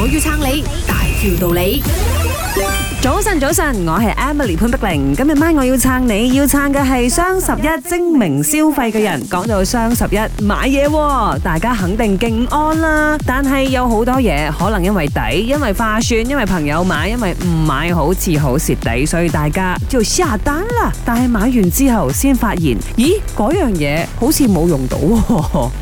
我要撐你，大條道理。早晨，早晨，我係 Emily 潘碧玲。今日晚我要撐你，要撐嘅係雙十一精明消費嘅人。講到雙十一買嘢，大家肯定勁安啦。但係有好多嘢可能因為抵，因為化算，因為朋友買，因為唔買好似好蝕底，所以大家就下單啦。但係買完之後先發現，咦，嗰樣嘢好似冇用到，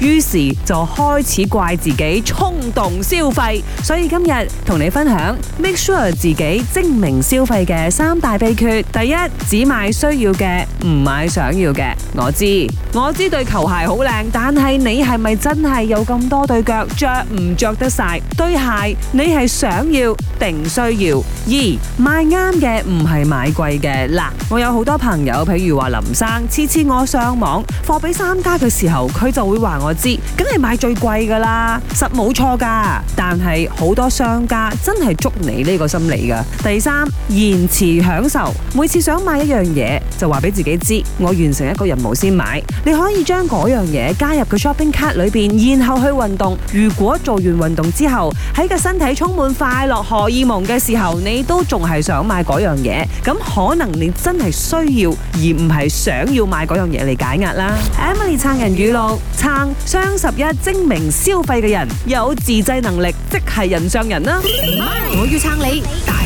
於是就開始怪自己衝動消費。所以今日同你分享，make sure 自己精明。明消費嘅三大秘訣：第一，只買需要嘅，唔買想要嘅。我知，我知對球鞋好靚，但係你係咪真係有咁多對腳着唔着得晒？對鞋，你係想要定需要？二，買啱嘅唔係買貴嘅。嗱，我有好多朋友，譬如話林生，次次我上網貨比三家嘅時候，佢就會話我知，梗係買最貴噶啦，實冇錯噶。但係好多商家真係捉你呢個心理噶。第三，延遲享受，每次想買一樣嘢就話俾自己知，我完成一個任務先買。你可以將嗰樣嘢加入個 shopping cart 裏邊，然後去運動。如果做完運動之後，喺個身體充滿快樂荷爾蒙嘅時候，你都仲係想買嗰樣嘢，咁可能你真係需要而唔係想要買嗰樣嘢嚟解壓啦。Emily 撐人語錄：撐雙十一精明消費嘅人，有自制能力即係人上人啦。Hi, 我要撐你！你